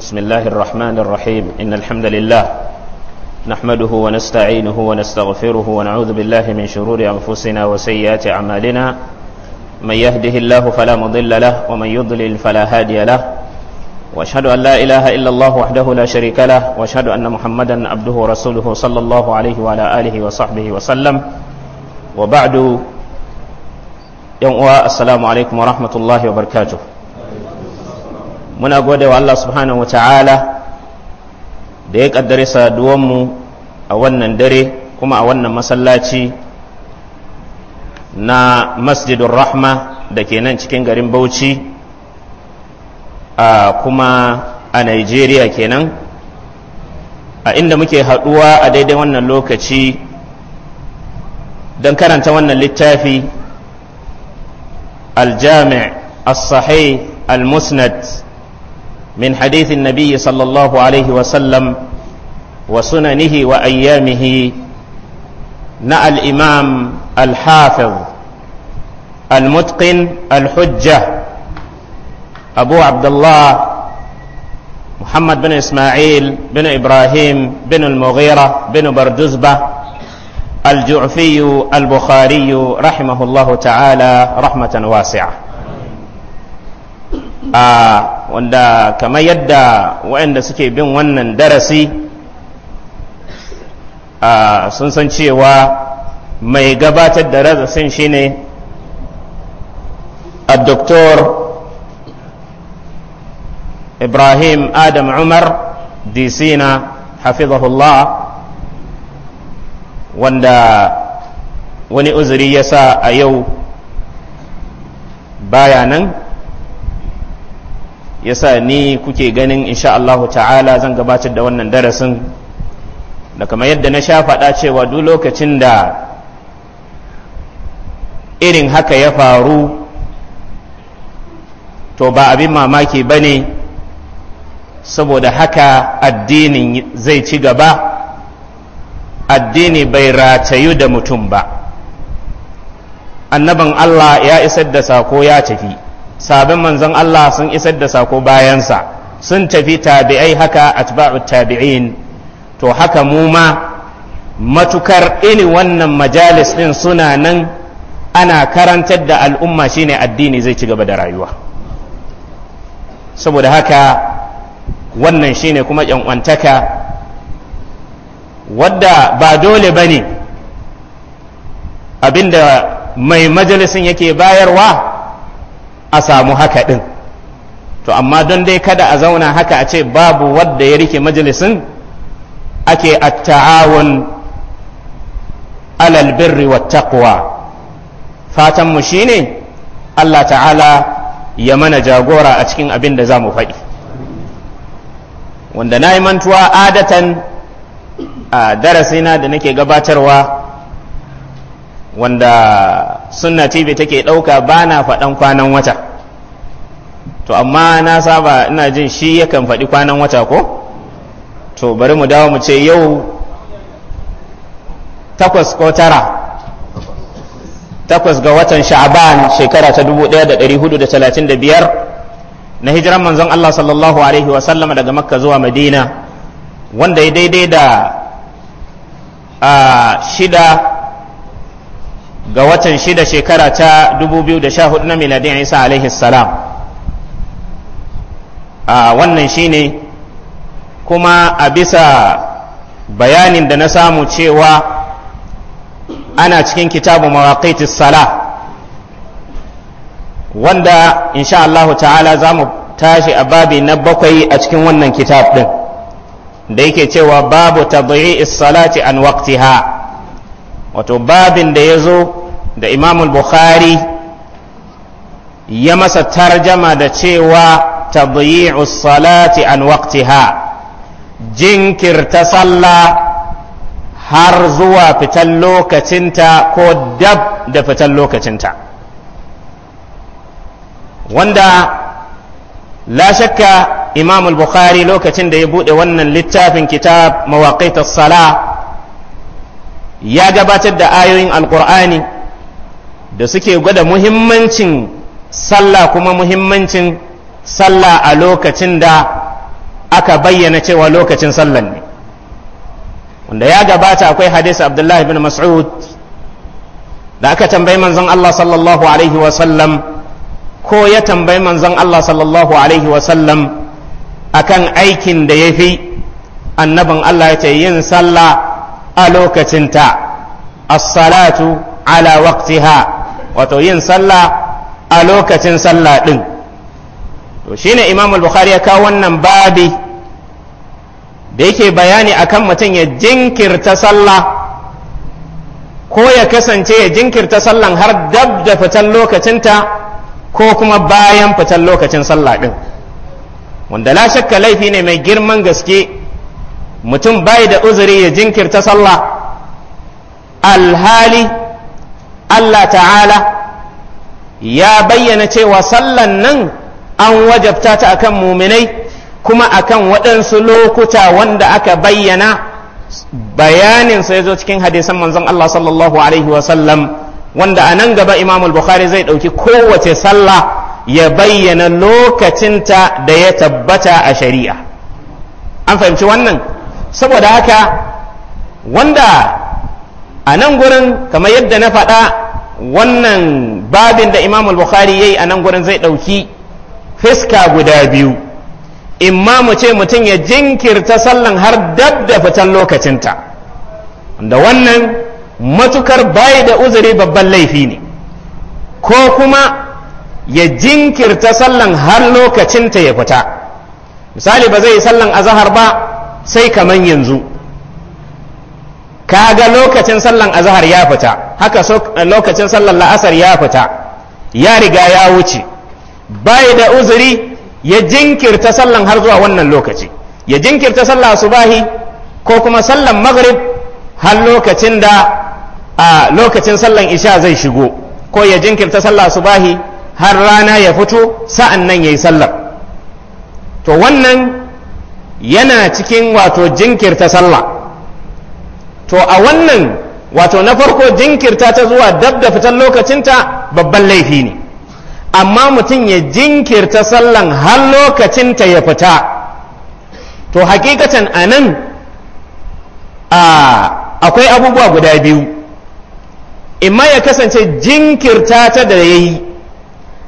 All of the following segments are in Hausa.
بسم الله الرحمن الرحيم إن الحمد لله نحمده ونستعينه ونستغفره ونعوذ بالله من شرور أنفسنا وسيئات أعمالنا من يهده الله فلا مضل له ومن يضلل فلا هادي له وأشهد أن لا إله إلا الله وحده لا شريك له وأشهد أن محمدا عبده ورسوله صلى الله عليه وعلى آله وصحبه وسلم وبعد يوم السلام عليكم ورحمة الله وبركاته muna gode wa Allah subhanahu wa ta'ala da ya kaddare saduwanmu a wannan dare kuma a wannan masallaci na masjidun rahma da ke nan cikin garin bauchi a kuma a nigeria kenan a inda muke haɗuwa a daidai wannan lokaci don karanta wannan littafi aljami' as-sahih al-musnad من حديث النبي صلى الله عليه وسلم وسننه وأيامه نأى الإمام الحافظ المتقن الحجة أبو عبد الله محمد بن إسماعيل بن إبراهيم بن المغيرة بن بردزبة الجعفي البخاري رحمه الله تعالى رحمة واسعة a wanda kamar yadda waɗanda suke bin wannan darasi a sun san cewa mai gabatar da razasin shine a doktor ibrahim adam umar disina hafizahullah wanda wani uzuri ya sa a yau baya nan yasa ni kuke ganin insha Allahu ta'ala zan gabatar da wannan darasin da kamar yadda na sha faɗa cewa duk lokacin da irin haka ya faru to ba abin mamaki ba ne saboda haka addinin zai ci gaba addini bai ratayu da mutum ba annaban Allah ya isar da sako ya tafi sabin manzon Allah sun isar da sako bayansa sun tafi tabi'ai haka atba'u tabi'in to haka mu ma matukar ini wannan majalis din suna nan ana karantar da al'umma shine addini zai ci gaba da rayuwa saboda haka wannan shine kuma wantaka wadda ba dole ba ne abinda mai majalisin yake bayarwa a samu haka ɗin to amma don dai kada a zauna haka a ce babu wadda ya rike majalisin ake a ta'awun alal birri wa taqwa fatanmu shi ne Allah ta'ala ya mana jagora a cikin abin da za mu faɗi wanda na yi mantuwa adatan a darasina da nake gabatarwa wanda sunna tv take ɗauka ba na faɗan kwanan wata to amma na saba ina jin shi yakan faɗi kwanan wata ko to bari mu dawo mu ce yau takwas ko tara takwas ga watan sha'ban shekara ta 1435 na hijiran manzon Allah sallallahu alaihi wa sallama daga makka zuwa madina wanda ya daidai da a shida ga watan shida shekara ta 2014 na miladin isa alaihi salam a wannan shine kuma a bisa bayanin da na samu cewa ana cikin kitabu mawaƙaitis sala wanda insha Allahu ta'ala za mu tashi a babi na bakwai a cikin wannan kitab ɗin da yake cewa babu tabi'i salati an waqtiha wato babin da ya zo da imamul bukhari ya masa tarjama da cewa tadyi'u salati an waqtiha jinkirta sallah har zuwa fitan lokacinta ko dab da fitan lokacinta wanda la shakka imamul bukhari lokacin da ya buɗe wannan littafin kitab mawaƙaitar sala ya gabatar da ayoyin alkur'ani da suke gwada muhimmancin sallah kuma muhimmancin sallah a lokacin da aka bayyana cewa lokacin sallan ne wanda ya gabata akwai hadisi abdullahi bin mas'ud da aka tambayi manzon Allah sallallahu alaihi wasallam ko ya tambayi manzon Allah sallallahu alaihi wasallam akan aikin da ya fi annabin Allah ya ce yin sallah a lokacinta as-salatu ala waqtiha wato yin sallah a lokacin sallah din to shine imam al-bukhari ya kawo wannan babi da yake bayani akan mutum ya jinkirta sallah ko ya kasance ya jinkirta sallan har dab da fitan lokacinta ko kuma bayan fitan lokacin sallah din wanda la shakka laifi ne mai girman gaske mutum bai da uzuri ya jinkirta sallah alhali Allah ta'ala ya bayyana cewa sallan nan an wajabta ta akan muminai kuma akan waɗansu lokuta wanda aka bayyana bayanin sai zo cikin hadisan manzon Allah sallallahu alaihi wasallam wanda a nan gaba imamul bukhari zai ɗauki kowace sallah ya bayyana lokacinta da ya tabbata a shari'a an fahimci wannan saboda haka wanda a nan gurin kamar yadda na faɗa wannan babin da imamul bukhari ya yi a nan gurin zai ɗauki fiska guda biyu imma mu ce mutum ya jinkirta sallan har dab fitan lokacinta da wannan matukar bai da uzuri babban laifi ne ko kuma ya jinkirta sallan har lokacinta ya fita misali ba zai yi sallan azahar ba sai kaman yanzu ka ga lokacin sallan azahar ya fita haka eh, lokacin sallan la'asar ya fita ya riga ya wuce bai da uzuri ya jinkirta sallan har zuwa wannan lokaci ya jinkirta sallah subahi ko kuma sallan maghrib har lokacin da a lokacin sallan isha zai shigo ko ya jinkirta sallah subahi har rana ya fito sa'an nan ya yi sallar to wannan yana cikin wato jinkirta sallah to a wannan wato na farko jinkirta ta zuwa dab da fitar lokacinta babban laifi ne amma mutum ya jinkirta sallan har lokacinta ya fita to hakikatan a nan akwai abubuwa guda biyu imma ya kasance jinkirta ta da ya yi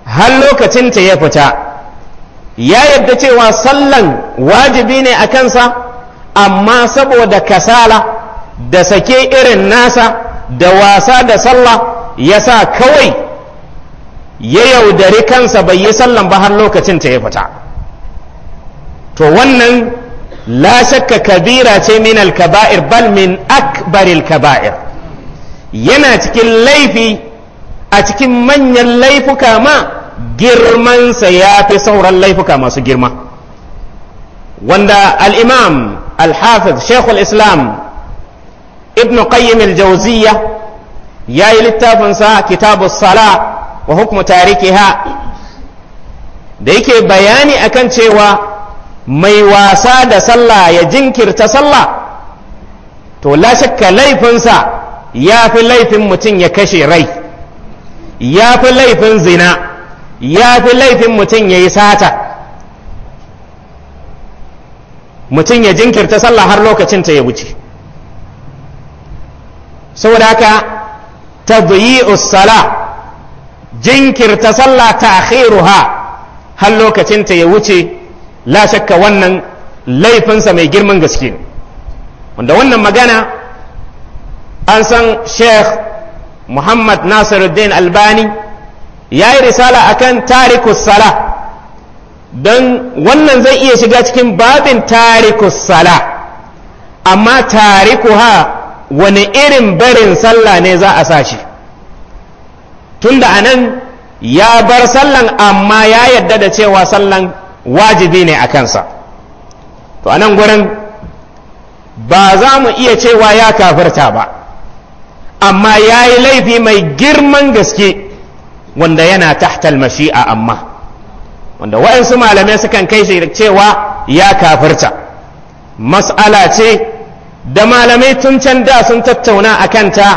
har lokacinta ya fita ya yadda cewa sallan wajibi ne a kansa amma saboda kasala da sake irin nasa da wasa da sallah ya sa kawai ya yaudari kansa bai yi sallan ba har lokacin ta ya fita to wannan la shakka kabira ce min al-kaba'ir bal min akbaril kaba'ir yana cikin laifi a cikin manyan laifuka ma girmansa ya fi sauran laifuka masu girma wanda al'imam al-hafiz shekul islam ibn qayyim al ya yi littafinsa kitabu sala wa hukumu tarikiha da yake bayani akan cewa mai wasa da sallah ya jinkirta sallah to la shakka laifinsa ya fi laifin mutum ya kashe rai ya fi laifin zina ya fi laifin mutum ya yi sata mutum ya jinkirta sallah har lokacin ta ya wuce saboda haka tadyi'us sala jinkirta sallah ta ha, har lokacin ta ya wuce la shakka wannan laifinsa mai girman gaske wanda wannan magana an san sheikh muhammad nasiruddin albani ya yi risala akan tarikus sala don wannan zai iya shiga cikin babin tarikus sala amma ha wani irin barin sallah ne za a sa shi tunda a nan ya bar sallan amma ya yadda da cewa sallan wajibi ne a kansa to a nan gurin ba za mu iya cewa ya kafirta ba amma ya yi laifi mai girman gaske wanda yana tahtal mashi'a amma wanda waɗansu malamai sukan kai shi cewa ya kafirta mas'ala ce da malamai tun can da sun tattauna a kanta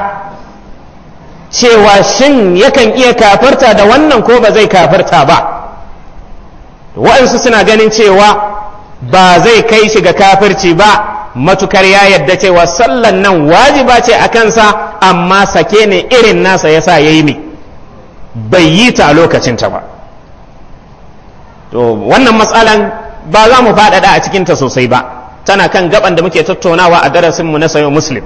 cewa shin yakan iya kafirta da wannan ko ba zai kafirta ba waɗansu suna ganin cewa ba zai kai shi ga kafirci ba matukar ya yadda cewa sallan nan wajiba ce a kansa amma sake ne irin nasa ya sa ya yi mai bai yi ta a lokacinta ba to wannan matsalan ba za mu faɗaɗa a cikinta sosai ba tana kan gaban da muke tattaunawa a darasin mu na sayo muslim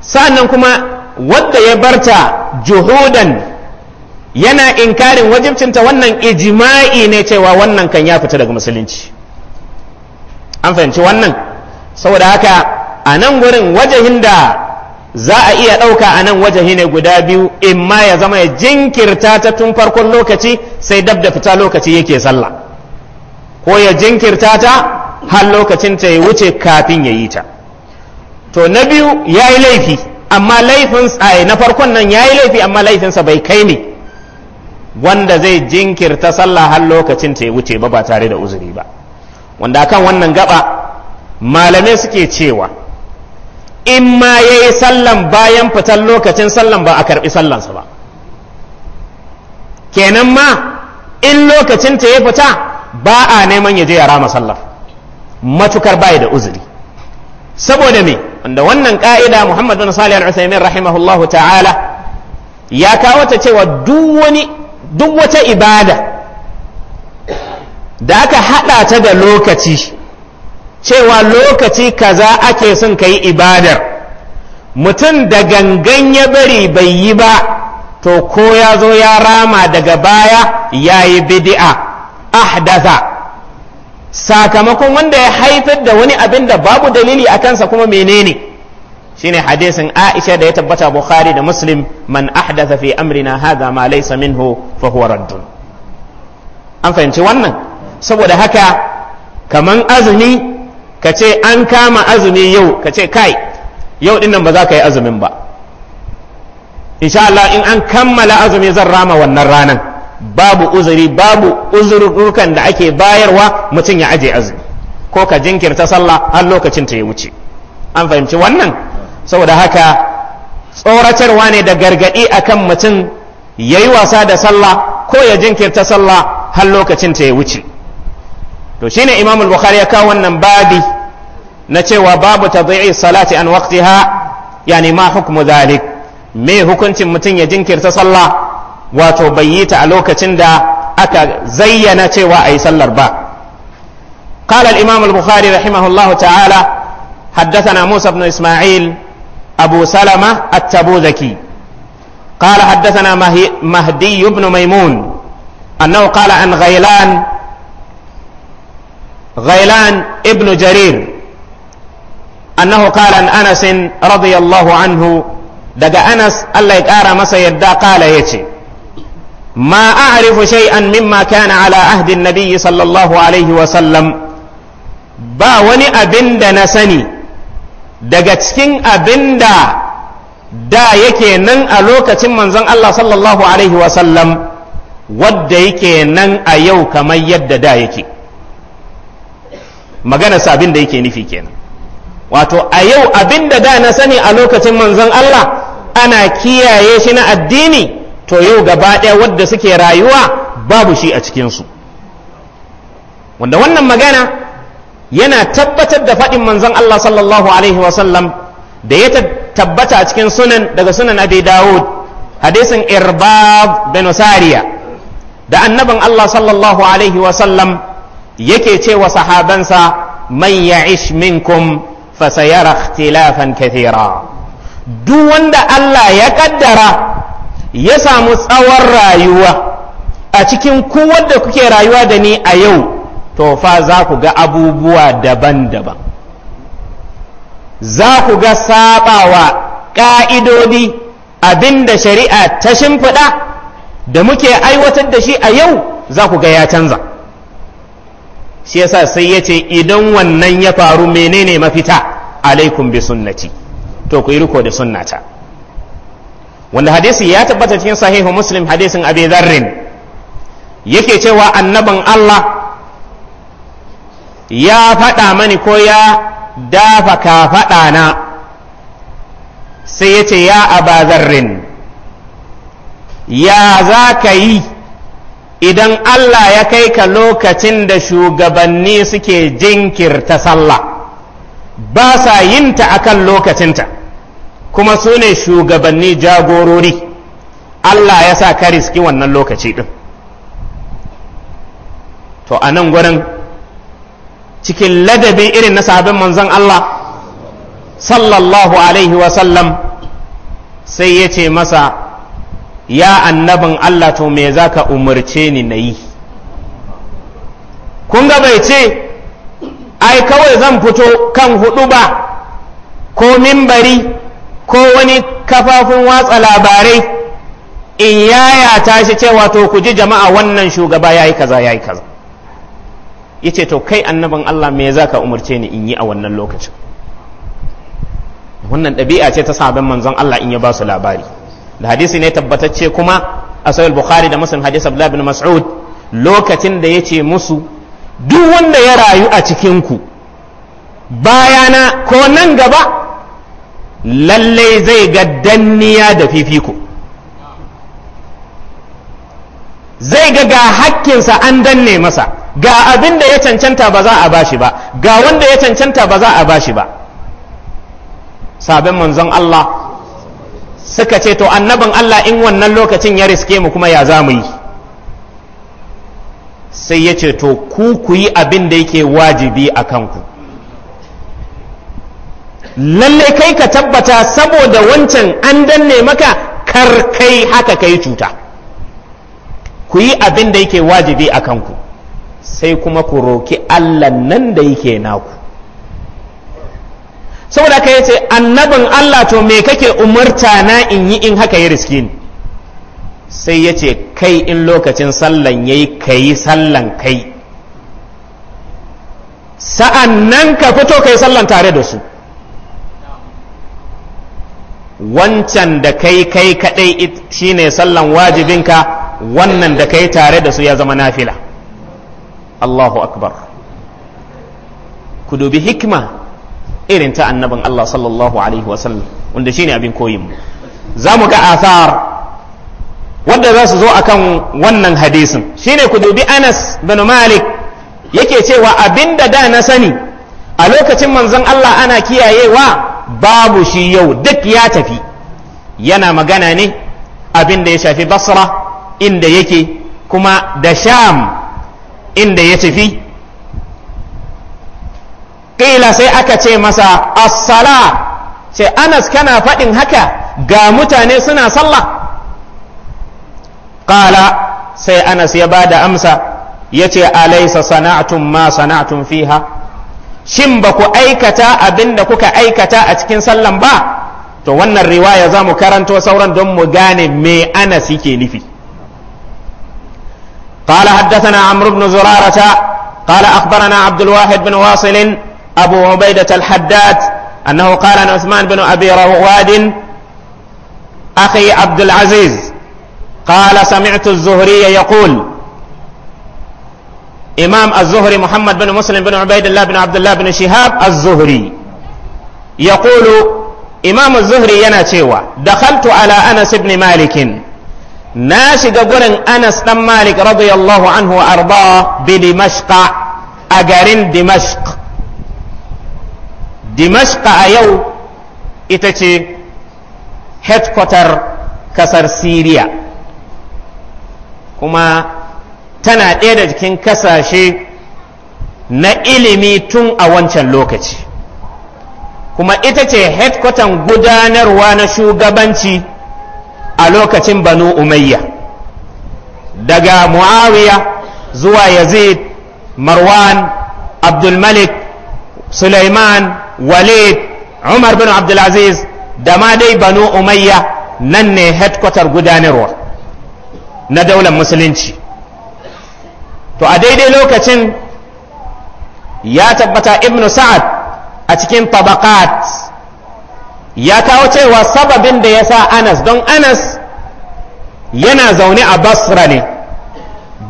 sa'annan kuma wanda ya barta juhudan yana inkarin wajibcinta wannan ijima'i ne cewa wannan kan ya fita daga musulunci an fahimci wannan saboda haka a nan gurin wajahin da za a iya ɗauka a nan wajahi ne guda biyu in ma ya zama ya jinkirta ta tun farkon lokaci sai dab da fita lokaci yake sallah ko ya jinkirta ta har lokacin ta ya wuce kafin ya yi ta to na biyu ya yi laifi amma laifin na farkon nan ya yi laifi amma laifinsa bai kai ne wanda zai jinkirta sallah har lokacin ta ya wuce ba ba tare da uzuri ba wanda kan wannan gaba malamai suke cewa in ma ya yi sallan bayan fitan lokacin sallan ba a karɓi sallansa ba kenan ma in lokacin ta ya fita ba a neman ya je ya rama sallar matukar bai da uzuri saboda me wanda wannan ka'ida Muhammad bin Salih al-Utsaimin ta'ala ya kawo ta cewa duk wani duk wata ibada da aka hada ta da lokaci cewa lokaci kaza ake son ka yi ibadar mutum da gangan ya bari bai yi ba to ko ya zo ya rama daga baya ya yi bidi'a ahdasa sakamakon wanda ya haifar da wani abin da babu dalili a kansa kuma menene shine hadisin Aisha da ya tabbata Bukhari da Muslim man ahdasa fi amrina haza ma laysa minhu fa huwa raddun an fahimci wannan saboda haka kaman azumi ka ce an kama azumi yau ka ce kai yau dinnan ba za ka yi azumin ba insha Allah in an kammala azumi zan rama wannan ranan babu uzuri babu uzururukan da ake bayarwa mutum ya aje azumi ko ka jinkirta sallah har lokacin ta ya wuce an fahimci wannan saboda haka tsoratarwa ne da gargadi akan mutum ya yi wasa da sallah ko ya jinkirta sallah har lokacin ta ya wuce to shine imam al-bukhari ya kawo wannan babi na cewa babu tadhi'i salati an waqtiha yani ma hukmu dhalik me hukuncin mutum ya jinkirta sallah wato bai yi ta a lokacin da aka zayyana cewa ayi sallar ba قال الإمام البخاري رحمه الله تعالى حدثنا موسى بن إسماعيل أبو سلمة التبوذكي قال حدثنا مهدي بن ميمون أنه قال عن غيلان غيلان ابن جرير annahu qala Anasin, anas radiyallahu anhu daga anas Allah ya ƙara masa yadda qala ce. ma a'rifu shay'an mimma kana ala ahdi an-nabiy sallallahu alaihi wa sallam ba wani abinda na sani daga cikin abin da da yake nan a lokacin manzon Allah sallallahu alaihi wa sallam wadda yake nan a yau kamar yadda da ya magana sabin da yake nufi kenan wato a yau abinda da na sani a lokacin manzon Allah ana kiyaye shi na addini to yau gaba ɗaya wadda suke rayuwa babu shi a cikinsu wanda wannan magana yana tabbatar da faɗin manzon Allah sallallahu alaihi wasallam da ya tabbata a cikin sunan daga sunan abi dawud hadisin irbab bin sariya da annabin Allah sallallahu alaihi wasallam yake ce wa sahabansa man ya'ish minkum fa sayara kathira duk wanda Allah ya kaddara ya samu tsawon rayuwa a cikin ku wanda kuke rayuwa da ni a yau to fa za ku ga abubuwa daban-daban za ku ga sabawa ƙa'idodi abinda shari'a ta shimfiɗa da muke aiwatar da shi a yau za ku ga ya canza shi yasa sai ya ce idan wannan ya faru menene mafita alaikum bi sunnati to ku yi riko da sunnata wanda hadisi ya tabbata cikin sahihu muslim hadisin abi zarrin yake cewa annaban Allah ya faɗa mani ko ya dafa ka faɗa na sai ya ce ya abazarrin ya za ka yi idan Allah ya kai ka lokacin da shugabanni suke jinkirta sallah ba sa yinta a kan lokacinta kuma su ne shugabanni jagorori Allah ya sa ka riski wannan lokaci ɗin to a nan gurin cikin ladabi irin na sabin manzon Allah sallallahu alaihi wasallam sai ya ce masa ya annabin Allah to me za ka umarce ni na yi kun ga bai ce ai kawai zan fito kan hudu ba ko mimbari ko wani kafafun watsa labarai in yaya tashi cewa to ku ji jama'a wannan shugaba ya yi kaza ya yi kaza ya ce to kai annabin Allah me za ka umarce ni in yi a wannan lokacin wannan ɗabi'a ce ta sabon manzon Allah in ya ba su labari da hadisi ne tabbatacce kuma a sahih bukhari da muslim hadisi abdullah bin mas'ud lokacin da yace musu duk wanda ya rayu a cikin ku bayana ko nan gaba lallai zai ga danniya da fifiko zai ga ga hakkinsa an danne masa ga abin da ya cancanta ba za a bashi ba ga wanda ya cancanta ba za a bashi ba sabon manzon Allah suka ce to annabin Allah in wannan lokacin ya riske mu kuma ya za mu yi sai ya ce to ku ku yi abin da yake wajibi a kanku lalle kai ka tabbata saboda wancan an danne maka kar kai haka kai cuta ku yi abin da yake wajibi a kanku sai kuma ku roki Allah nan da yake naku saboda ka ce annabin Allah to me kake umarta na in yi in haka ya riski ni sai yace kai in lokacin sallan ya yi ka yi sallan kai sa'an nan ka fito ka yi sallan tare da su wancan da kai kai shi shine sallan wajibinka wannan da kai tare da su ya zama nafila Allahu akbar ku dubi hikima. irin ta annabin Allah sallallahu alaihi wasallam wanda shine abin koyin mu za mu ga asar wanda za su zo akan wannan hadisin shine ku dubi Anas bin Malik yake cewa abinda da na sani a lokacin manzon Allah ana kiyayewa babu shi yau duk ya tafi yana magana ne abin da ya shafi basra inda yake kuma da sham inda ya tafi ƙila sai aka ce masa assala ce anas kana faɗin haka ga mutane suna sallah ƙala sai anas ya ba da amsa ya ce alaisa sana'atun ma sana'atun fiha shin ba ku aikata abin da kuka aikata a cikin sallan ba to wannan riwaya za mu karanto sauran don mu gane me anas yake nufi قال حدثنا عمرو بن زرارة قال أخبرنا عبد الواحد بن واصل أبو عبيدة الحداد أنه قال عن عثمان بن أبي رواد أخي عبد العزيز قال سمعت الزهري يقول إمام الزهري محمد بن مسلم بن عبيد الله بن عبد الله بن شهاب الزهري يقول إمام الزهري ينا تيوى دخلت على أنس بن مالك ناشد قرن أنس بن مالك رضي الله عنه وأرضاه بدمشق أجرين دمشق dimashqa a yau ita ce headquarter kasar siriya kuma tana ɗaya da jikin kasashe na ilimi tun a wancan lokaci kuma ita ce headquarter gudanarwa na shugabanci a lokacin banu umayya daga muawiya zuwa yazid marwan abdulmalik suleiman walid umar bin abdulaziz da ma dai banu umayya nan ne headquarter gudanarwa na daular musulunci to a daidai lokacin ya tabbata ibnu sa'ad a cikin tabaqat ya kawo cewa sababin da ya sa anas don anas yana zaune a basra ne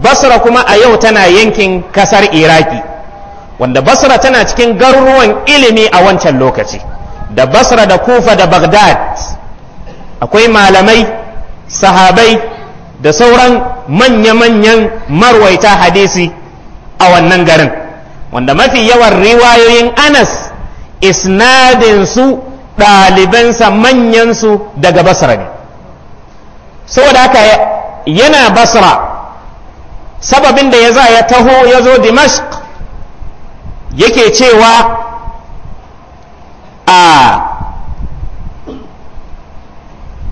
basra kuma a yau tana yankin kasar iraki wanda basra tana cikin garuruwan ilimi a wancan lokaci da basra da kufa da bagdad akwai malamai sahabai da sauran manya-manyan marwaita hadisi a wannan garin wanda mafi yawan riwayoyin anas isnadinsu ɗalibansa manyansu daga basra ne saboda haka yana basra sababin da ya za ya taho ya zo dimashq yake cewa a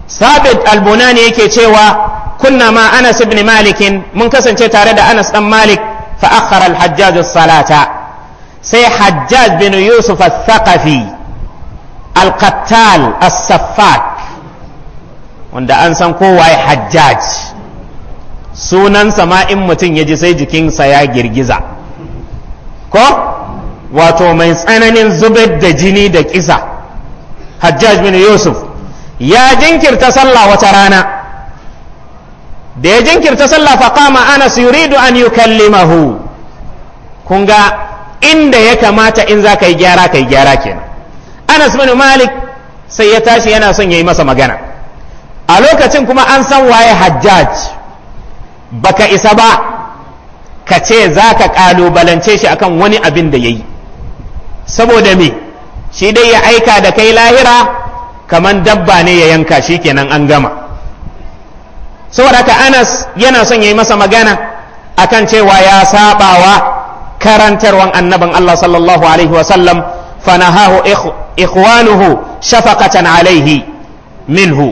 sabit albunani yake cewa kunna ma anas ibn malikin mun kasance tare da anas dan malik fa akhara al-hajjaj salata sai hajjaj bin yusuf al-thaqafi al-qattal as-saffak wanda an san kowaye hajjaj sunansa ma in mutum ya ji sai jikinsa ya girgiza ko wato mai tsananin zubar da jini da kisa hajjaj bin yusuf ya jinkirta sallah wata rana da ya jinkirta sallah faqama anas yuridu an yukallimahu kun ga inda ya kamata in za ka yi gyara ka yi gyara kenan anas bin malik sai ya tashi yana son ya yi masa magana a lokacin kuma an san waye hajjaj baka isa ba ka ce za ka ƙalubalance shi akan wani abin da ya yi saboda me shi dai ya aika da kai lahira kaman dabba ne ya yanka shi kenan an gama saboda haka anas yana son ya yi masa magana akan cewa ya sabawa karantarwan annaban Allah sallallahu alaihi wasallam fanahahu ikhwanuhu shafaqatan alaihi minhu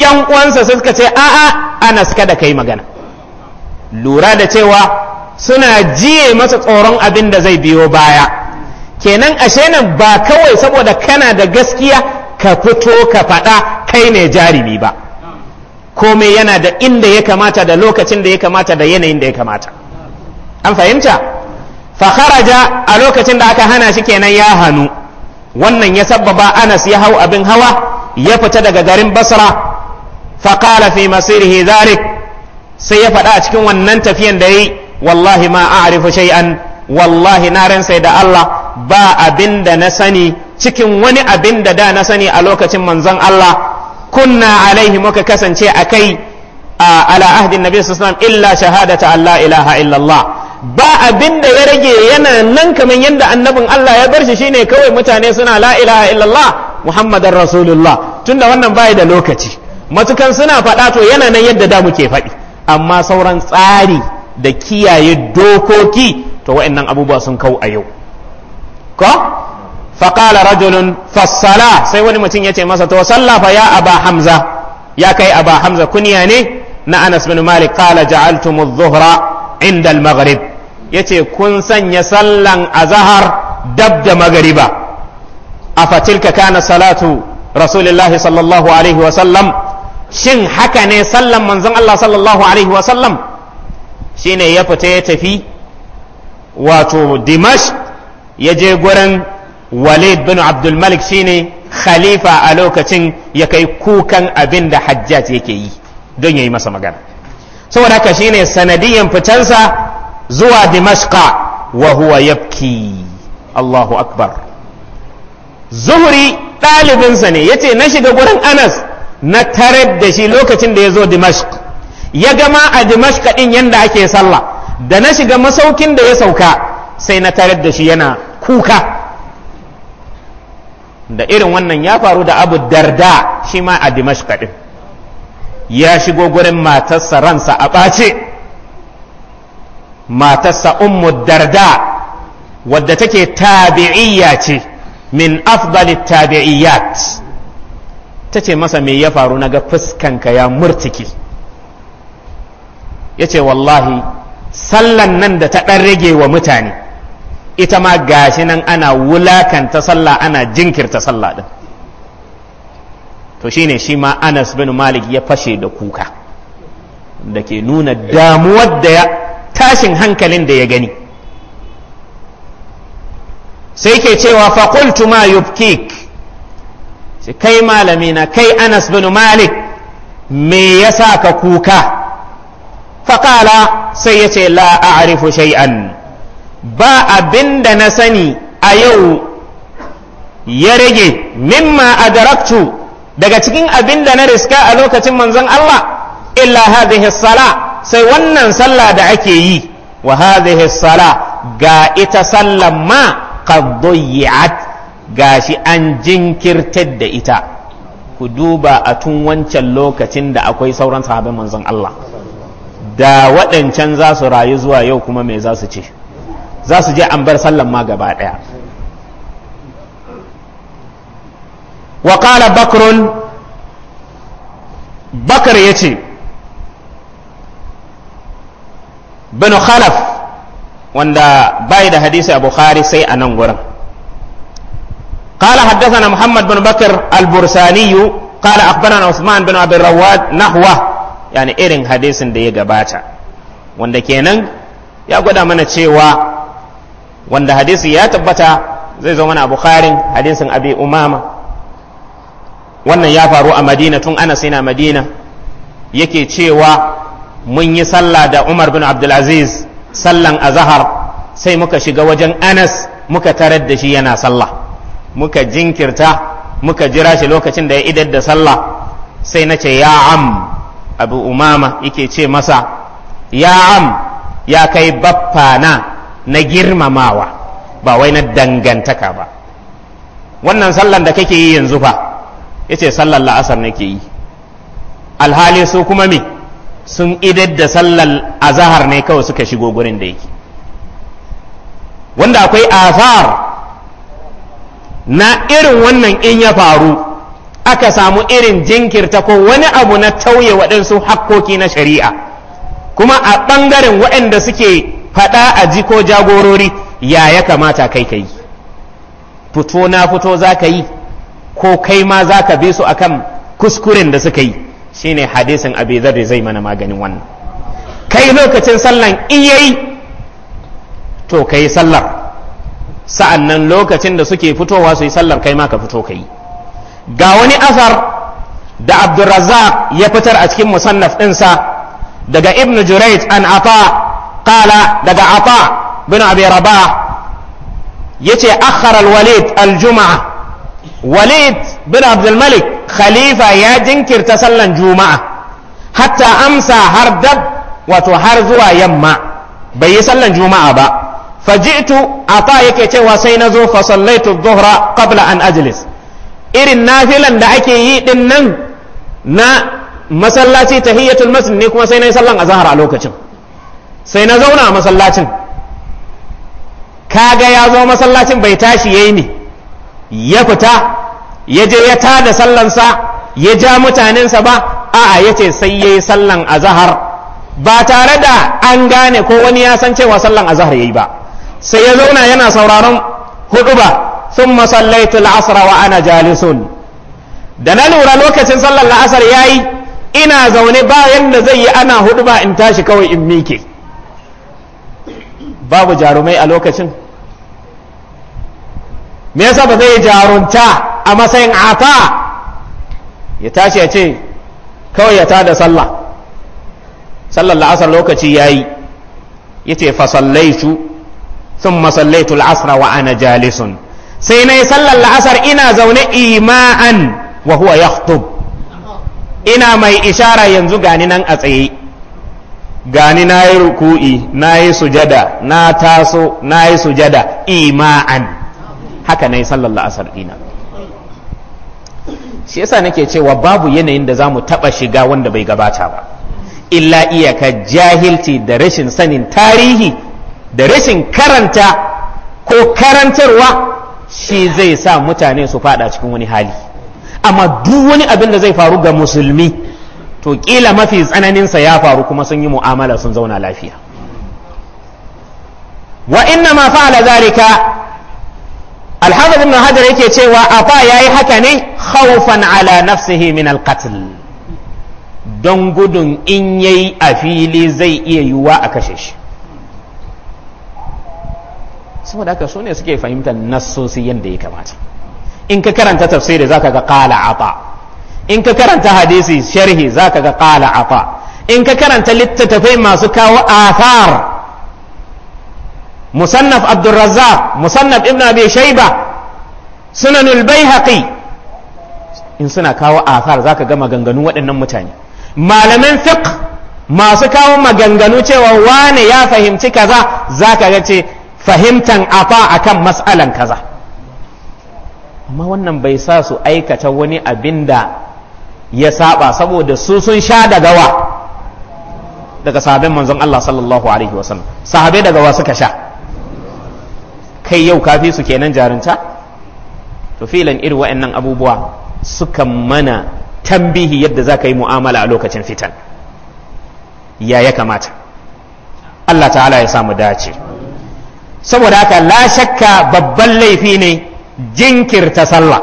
yan uwansa suka ce a'a anas kada kai magana lura da cewa suna jiye masa tsoron abin da zai biyo baya kenan ashe nan ba kawai saboda kana da gaskiya ka fito ka faɗa kai ne jarumi ba komai yana da inda ya kamata da lokacin da ya kamata da yanayin da ya kamata an fahimta fakharaja a lokacin da aka hana shi kenan ya hannu wannan ya sababa anas ya hau abin hawa ya fita daga garin basra faƙala fi masirihi zarik sai ya faɗa a cikin wannan tafiyan da yi wallahi ma a'rifu shay'an wallahi na ransa da Allah ba abin da na sani cikin wani abin da da na sani a lokacin manzon Allah kunna alaihi muka kasance a kai ala ahdin nabi sallallahu illa shahadata Allah ilaha illallah ba abin da ya rage yana nan kamar yadda annabin Allah ya bar shi shine kawai mutane suna la ilaha illallah muhammadar rasulullah tunda wannan bai da lokaci matukan suna faɗa to yana nan yadda da muke faɗi amma sauran tsari da kiyaye dokoki to wa'annan abubuwa sun kau a yau ko faqala rajulun fassala sai wani mutum ya ce masa to sallafa ya aba hamza ya kai aba hamza kunya ne na anas bin malik qala ja'altum adh-dhuhra inda al-maghrib yace kun sanya sallan azhar dab da magariba afatilka kana salatu rasulillahi sallallahu alaihi wa sallam shin haka ne sallan manzon Allah sallallahu alaihi wa sallam shine ya fita ya tafi wato dimash ya je gurin walid bin abdulmalik shine khalifa a lokacin ya kai kukan abin da hajjaj yake yi don ya yi masa magana saboda haka shine sanadiyan fitansa zuwa dimashqa wa huwa yabki allahu akbar zuhuri ɗalibinsa ne yace na shiga gurin anas na tarar da shi lokacin da ya zo dimashq ya gama a dimashq ɗin yadda ake sallah da na shiga masaukin da ya sauka sai na tarar da shi yana kuka da irin wannan ya faru da abu darda shi ma a dimashka ɗin ya shigo gurin matarsa ransa a ɓace matarsa ummu darda wadda take tabi'iyya ce min afdali tabi'iyyat ta ce masa me ya faru na ga fuskanka ya murtiki ya ce wallahi sallan nan da ta ɗan rage wa mutane ita ma gashi nan ana wulakanta sallah ana jinkirta sallah ɗin to shine shi ma anas bin malik ya fashe da kuka da ke nuna damuwar da ya tashin hankalin da ya gani sai ke cewa faƙultu ma yubkik kai malamina kai anas bin malik me yasa ka kuka faƙala sai ya ce la a'rifu shay'an ba abin da na sani a yau ya rage mimma adaraktu daga cikin abin da na riska a lokacin manzon Allah illa hadhihi sala sai wannan sallah da ake yi wa hadhihi sala ga ita sallah ma qad gashi an jinkirtar da ita ku duba a tun wancan lokacin da akwai sauran sahabin manzon Allah da waɗancan za su rayu zuwa yau kuma me za su ce za su je an bar sallan ma gaba ɗaya wa ƙala bakar ya ce bin khalaf wanda bai da hadisi a bukhari sai a nan gurin قال حدثنا محمد بن بكر البرساني قال أخبرنا عثمان بن bin الرواد نحوه yani irin hadisin da ya gabata wanda kenan ya gwada mana cewa wanda hadisi ya tabbata zai zo mana a bukharin hadisin abi umama wannan ya faru a madina tun ana sai na madina yake cewa mun yi sallah da umar bin abdulaziz sallan azahar sai muka shiga wajen anas muka tarar da shi yana sallah muka jinkirta muka jira shi lokacin da ya idar da sallah sai na ce ya am abu umama yake ce masa ya am ya kai baffana na girmamawa ba wai na dangantaka ba wannan sallan da kake yi yanzu fa ce sallar la'asar nake yi alhali su kuma me sun idar da sallar azahar ne kawai suka shigo gurin da yake wanda akwai afar na irin wannan in ya faru aka samu irin jinkirta ko wani abu na tauye waɗansu hakkoki na shari'a kuma a ɓangaren waɗanda suke faɗa a ji ko jagorori ya ya kamata kai ka yi fito na fito za ka yi ko kai ma za ka bi su akan kuskuren da suka yi shine hadisin abu da zai mana maganin wannan kai lokacin sallan in yi to kai sallar sa'an nan lokacin da suke fitowa su yi sallar kai ma ka fito ka yi ga wani asar da abdurrazzaq ya fitar a cikin musannaf ɗinsa daga ibn jurayt an ata kala daga ata bin abi rabah yace akhara walid al walid bin abdulmalik khalifa ya jinkirta sallan juma'a hatta amsa har dab wato har zuwa yamma bai yi sallan juma'a ba faji'tu ata yake cewa sai na zo fa zuhra dhuhra qabla an ajlis irin nafilan da ake yi din nan na masallaci tahiyatul masjid ne kuma sai na yi sallan azhar a lokacin sai na zauna a masallacin kaga ya zo masallacin bai tashi yayi ne ya fita ya je ya tada sallansa ya ja mutanensa ba a'a yace sai yayi sallan azhar ba tare da an gane ko wani ya san cewa sallan azhar yayi ba sai ya zauna yana sauraron hudu ba ثم صليت العصر وأنا جالس da na lura lokacin sallar la'asar ya yi ina zaune bayan da zai yi ana hudu ba in tashi kawai in mike babu jarumai a lokacin me yasa ba zai jarunta a matsayin aka? ya tashi ya ce kawai ya tada sallah sallar la'asar lokaci ya yi ya ce fasallaitu sun masallaitu al'asra wa ana jalisun sai na yi sallar la'asar ina zaune ima'an wa huwa ya ina mai ishara yanzu gani nan a tsaye gani na yi ruku'i na yi sujada na taso na yi sujada ima'an haka na yi sallar la'asar ina shi yasa nake cewa babu yanayin da za mu taɓa shiga wanda bai gabata ba illa iyaka jahilci da rashin sanin tarihi da rashin karanta ko karantarwa shi zai sa mutane su fada cikin wani hali amma duk wani abin da zai faru ga musulmi to kila mafi tsananinsa ya faru kuma sun yi mu'amala sun zauna lafiya wa inna ma fa'ala zalika alhafiz hajar yake cewa afa yayi haka ne khawfan ala nafsihi min alqatl don gudun in yayi a fili zai iya yiwuwa a kashe shi saboda haka su ne suke fahimtar nassosi yadda ya kamata in ka karanta tafsiri zaka ga qala ata in ka karanta hadisi sharhi zaka ga qala ata in ka karanta littattafai masu kawo athar musannaf Abdurraza, musannaf ibn abi shayba sunanul baihaqi in suna kawo athar zaka ga maganganu waɗannan mutane malaman fiqh masu kawo maganganu cewa wane ya fahimci kaza zaka ga ce fahimtan afa akan matsalan kaza amma wannan bai sa su aikata wani abin da ya saba saboda su sun sha daga wa daga sahabin manzon Allah sallallahu alaihi wasallam sahabai daga wa suka sha kai yau kafi su kenan jarinta to filan irin wa'annan abubuwa suka mana tambihi yadda za ka yi mu'amala a lokacin fitan ya ya kamata Allah ta'ala ya samu dace saboda haka la shakka babban laifi ne jinkirta sallah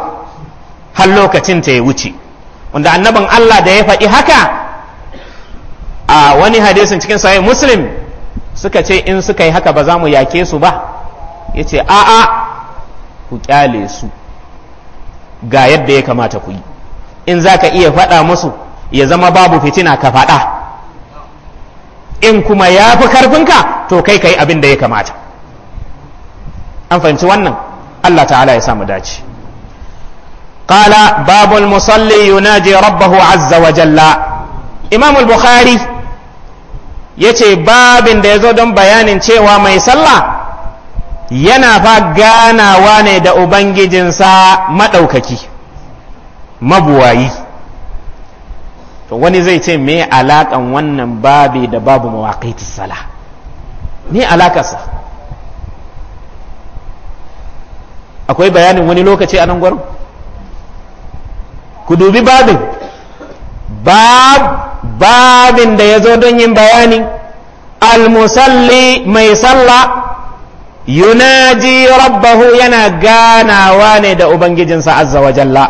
har lokacin ta ya wuce wanda annabin Allah da ya faɗi haka a wani hadisin cikin sahih muslim suka ce in suka yi haka ba za mu yake su ba ya ce a'a ku kyale su ga yadda ya kamata ku yi in za ka iya faɗa musu ya zama babu fitina ka faɗa in kuma ya fi karfinka to kai ka yi abin da ya kamata an fahimci wannan Allah ta'ala ya samu dace qala babul musalli yunaji rabbahu azza wa jalla imam al-bukhari yace babin da yazo don bayanin cewa mai sallah yana fa ganawa ne da ubangijinsa madaukaki mabuwayi to wani zai ce me alakan wannan babi da babu mawaqitis sala me alakarsa akwai bayanin wani lokaci a nan gwarin ku dubi babin babin da ya zo don yin bayani almusalli mai sallah yunaji rabbahu yana ganawa ne da ubangijinsa azza wa jalla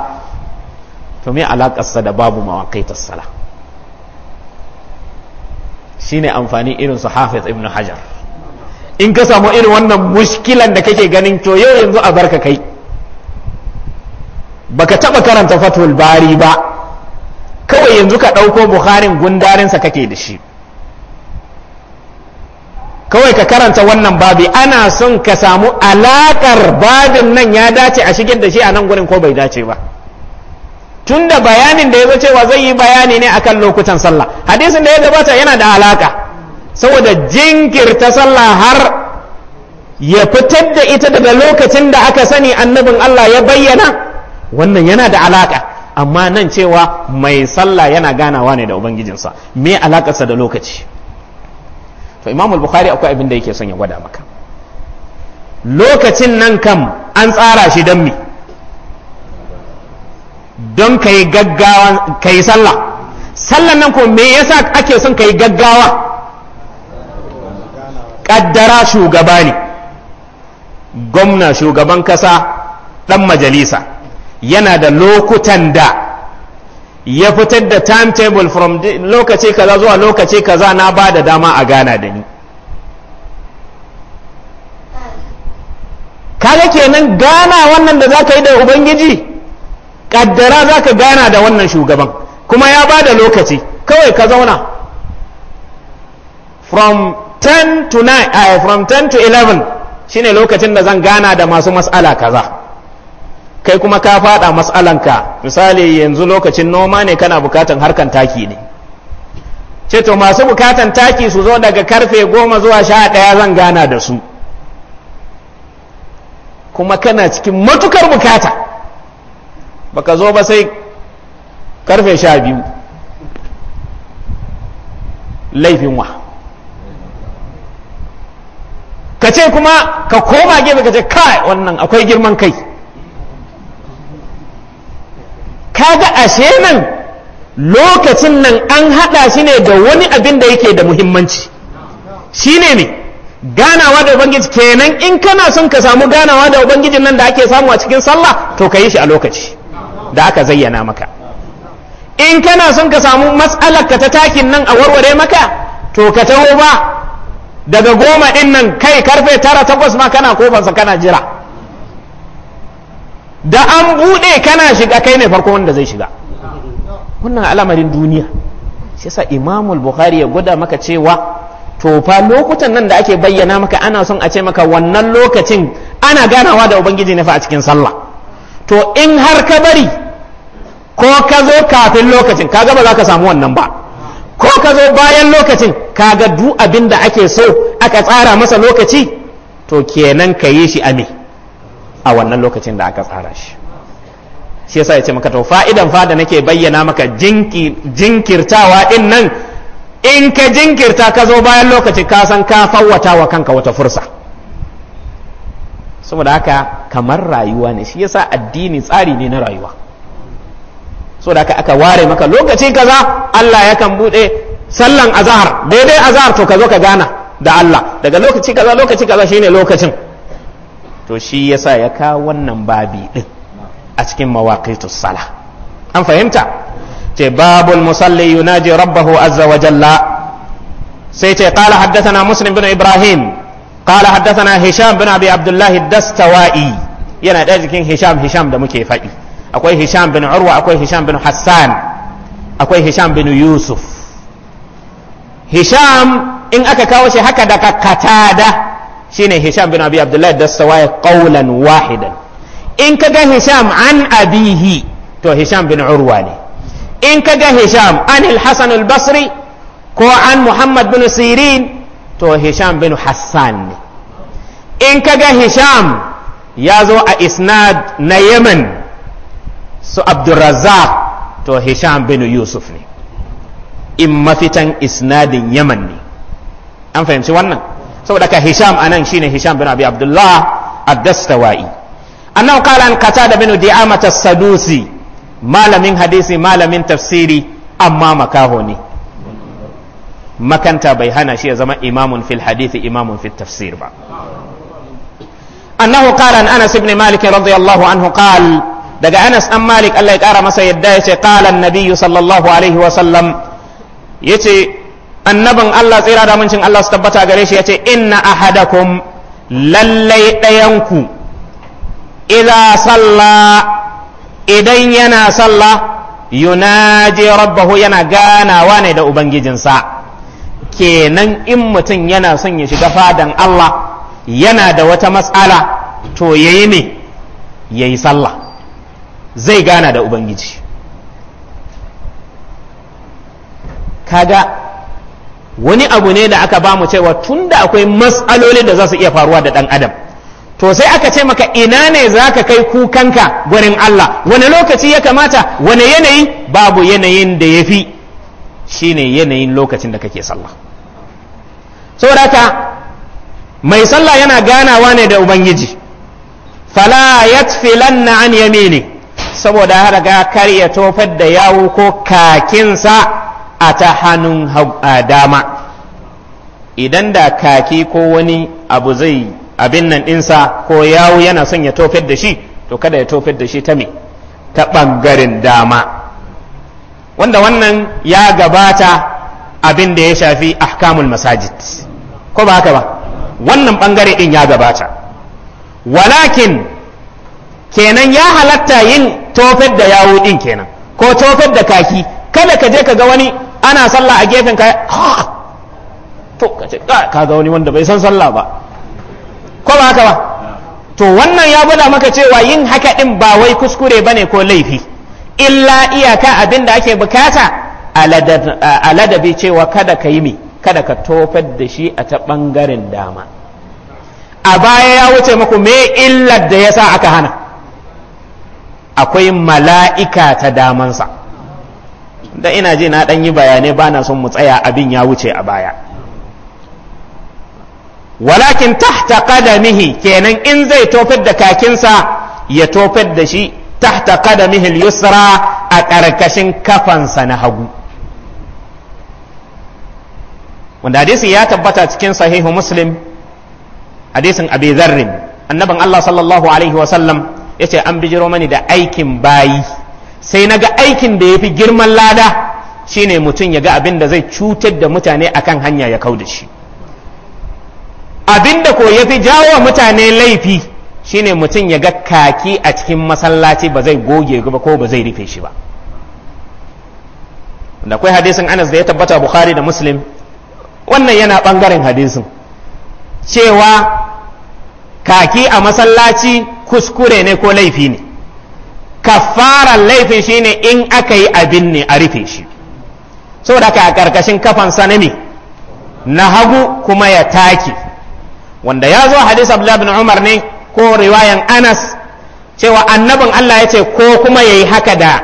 to me alaƙarsa da babu mawaƙaitar sala shine amfani irin su hafiz ibn hajar in ka samu irin wannan mushkilan da kake ganin to yau yanzu a barka kai baka taba karanta fatul bari ba kawai yanzu ka ɗauko bukharin gundarinsa kake da shi kawai ka karanta wannan babi ana son ka samu alaƙar babin nan ya dace a shigar da shi a nan gurin ko bai dace ba Tunda bayanin da ya zo cewa zai yi bayani ne akan lokutan sallah hadisin da ya gabata yana da alaka saboda jinkirta sallah har ya fitar da ita daga lokacin da aka sani annabin Allah ya bayyana wannan yana da alaka amma nan cewa mai sallah yana ganawa ne da ubangijinsa me alakarsa da lokaci to imam bukhari akwai abin da yake son ya gwada maka lokacin nan kam an tsara shi don me don ka yi gaggawa ka yi sallah sallan nan ko me yasa ake son ka yi gaggawa kaddara shugaba ne gwamna shugaban kasa dan majalisa yana da lokutan da ya fitar da timetable from lokaci kaza zuwa lokaci kaza na ba da dama a gana da ni kaga kenan gana wannan da za ka yi da ubangiji kaddara za ka gana da wannan shugaban kuma ya ba da lokaci kawai ka zauna from 10 to 9 uh, eh, from 10 to 11 shine lokacin da zan gana da masu matsala kaza kai kuma ka fada matsalanka. misali yanzu lokacin noma ne kana bukatan harkan taki ne ce to masu bukatan taki su zo daga karfe goma zuwa sha ɗaya zan gana da su kuma kana cikin matukar bukata baka zo ba sai karfe sha biyu laifin wa ka ce kuma ka koma gefe ka ce kai wannan akwai girman kai kaga ashe nan lokacin nan an haɗa shi ne da wani abin da yake da muhimmanci shi ne ne ganawa da ubangiji kenan in kana son ka samu ganawa da ubangijin nan da ake samu a cikin sallah to ka yi shi a lokaci da aka zayyana maka in kana son ka samu matsalar ka ta takin nan a warware maka to ka taho ba daga goma ɗin nan kai karfe tara takwas ma kana kofansa kana jira da an buɗe kana shiga kai ne farko wanda zai shiga wannan al'amarin duniya shi yasa imamul bukhari ya gwada maka cewa to fa lokutan nan da ake bayyana maka ana son a ce maka wannan lokacin ana ganawa da ubangiji ne fa a cikin sallah to in har ka bari ko ka zo kafin lokacin ka ba za ka samu wannan ba ko ka zo bayan lokacin ka ga duk abin da ake so aka tsara masa lokaci to kenan ka yi shi ame a wannan lokacin da aka tsara shi shi yasa ya ce maka to fa'idan fa nake bayyana maka jinkirtawa din nan in ka jinkirta ka zo bayan lokaci ka san ka fawwata wa kanka wata fursa saboda haka kamar rayuwa ne shi yasa addini tsari ne na rayuwa so da aka ware maka lokaci kaza Allah yakan bude sallan azhar daidai azhar to ka zo ka gana da Allah daga lokaci kaza lokaci kaza shine lokacin to shi yasa ya kawo wannan babi din a cikin mawaqitus sala an fahimta ce babul musalli yunaji rabbahu azza wa jalla sai ce qala haddathana muslim bin ibrahim qala haddathana hisham bin abi abdullah ad-dastawai yana da jikin hisham hisham da muke faɗi akwai hisham bin urwa akwai hisham bin hassan akwai hisham bin yusuf hisham in aka kawo shi haka daga katada shine hisham bin abi abdullahi da qawlan wahidan in ka ga hisham an abihi to hisham bin urwa ne in ka ga hisham an al-hasan al-basri ko an muhammad bin sirin to hisham bin hassan ne in ka ga hisham ya zo a isnad na yaman su abdurrazzaq to hisham bin yusuf ne in mafitan isnadin yaman ne an fahimci wannan saboda ka hisham anan shine hisham bin abi abdullah ad-dastawai annahu qala an qatada bin di'amat as-sadusi malamin hadisi malamin tafsiri amma makaho ne makanta bai hana shi ya zama imamun fil hadisi imamun fil tafsir ba annahu qala an anas ibn malik radiyallahu anhu qala daga anas an malik allah ya kara masa yadda ya ce kalan nabiyyu sallallahu alaihi wasallam ya ce annabin allah tsira da mincin allah su tabbata gare shi ya ce inna ahadakum lallai ɗayanku idan salla idan yana salla yunaji rabbahu yana ganawa ne da ubangijinsa kenan in mutum yana son ya shiga fadan allah yana da wata matsala to yayi ne yayi sallah zai gana da ubangiji kaga wani abu ne da aka bamu cewa tun da akwai matsalolin da za su iya faruwa da ɗan adam to sai aka ce maka ina ne za ka kai kukanka gurin Allah wani lokaci ya kamata wani yanayi babu yanayin da ya fi shi ne yanayin lokacin da kake sallah saboda mai sallah yana ganawa ne da ubangiji fala yatfilanna an yamini saboda har ga kar ya tofar da yawo ko kakinsa a ta hannun dama idan da kaki ko wani abu zai abin nan ɗinsa ko yawo yana son ya tofar da shi to kada ya tofar da shi ta me ta ɓangaren dama wanda wannan ya gabata abin da ya shafi ahkamul masajid ko ba haka ba wannan ɓangare ɗin ya gabata walakin kenan ya halatta yin tofar da yawo din kenan ko tofar da kaki kada ka je ka ga wani ana sallah a gefen ka to ka ce ka ga wani wanda bai san sallah ba ko ba haka ba to wannan ya gwada maka cewa yin haka din ba wai kuskure bane ko laifi illa iyaka abin da ake bukata a ladabi cewa kada ka yi mi kada ka tofar da shi a ta bangaren dama a baya ya wuce muku me illar da ya sa aka hana akwai mala'ika ta damansa da ina ji na ɗan yi bayanai ba na son mu tsaya abin ya wuce a baya walakin tahta qadamihi kenan in zai tofar da kakinsa ya tofar da shi tahta qadamihi yusra a ƙarƙashin kafansa na hagu wanda hadisi ya tabbata cikin sahihu muslim hadisin abi dharrin annabin Allah sallallahu alaihi wa sallam ya ce an bijiro mani da aikin bayi sai na ga aikin da ya fi girman lada shine mutum ya ga abin da zai cutar da mutane akan hanya ya kau da shi abin da ko ya fi jawo wa mutane laifi shine mutum ya ga kaki a cikin masallaci ba zai goge ba ko ba zai rufe shi ba da akwai hadisin anas da ya tabbata bukhari da muslim wannan yana bangaren hadisin cewa kaki a masallaci kuskure ne ko laifi ne kafaran laifin shine in aka yi abin ne a rufe shi saboda ka a karkashin kafan sanami na hagu kuma ya taki wanda ya zo hadis abdullahi bin umar ne ko riwayan anas cewa annabin allah ya ce ko kuma ya yi haka da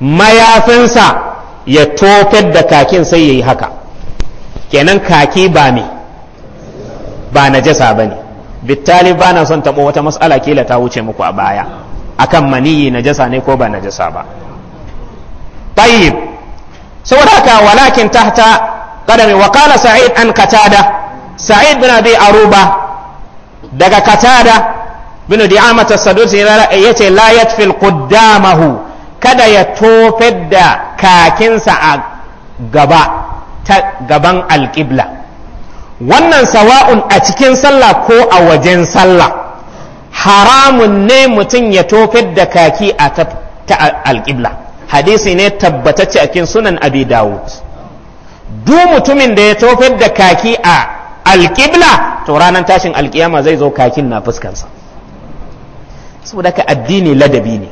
mayafinsa ya tofar da kakin sai ya yi haka kenan kaki ba ne, ba na jasa ba ne bittali ba na son taɓo wata mas'ala kila ta wuce muku a baya akan maniyi na jasa ne ko ba na jasa ba tayyib saboda haka walakin tahta qadami wa wakala sa'id an katada sa'id bin abi aruba daga katada bin di'amat as-sadusi yace la yatfil quddamahu kada ya tofar da kakinsa a gaba ta gaban alqibla wannan sawa'un a cikin sallah ko a wajen sallah haramun ne mutum ya tofar da kaki a ta alƙibla hadisi ne tabbatacce a kin sunan abi dawud duk mutumin da ya tofar da kaki a alƙibla to ranar tashin alƙiyama zai zo kakin na fuskansa saboda ka addini ladabi ne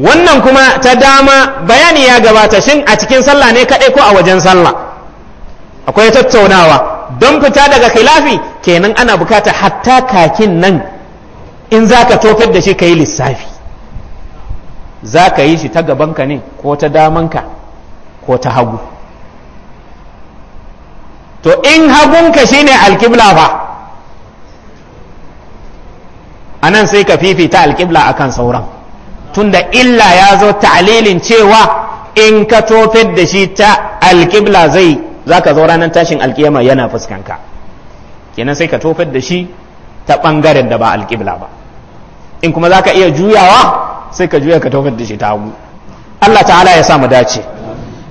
wannan kuma ta dama bayani ya gabata shin a cikin sallah ne kaɗai ko a wajen sallah akwai tattaunawa don fita daga khilafi kenan ana bukata hatta kakin nan in za ka tofar da shi ka yi lissafi za ka yi shi ta gabanka ne ko ta damanka ko ta hagu to in hagunka ne alkibla fa a nan sai ka fifita alkibla a kan sauran tunda illa ya zo ta'lilin cewa in ka tofar da shi ta alkibla zai za ka zo ranar tashin alkiyama yana fuskanka kenan sai ka tofar da shi ta ɓangaren da ba alƙibla ba in kuma za ka iya juyawa sai ka juya ka tofar da shi ta hagu Allah ta'ala ya samu dace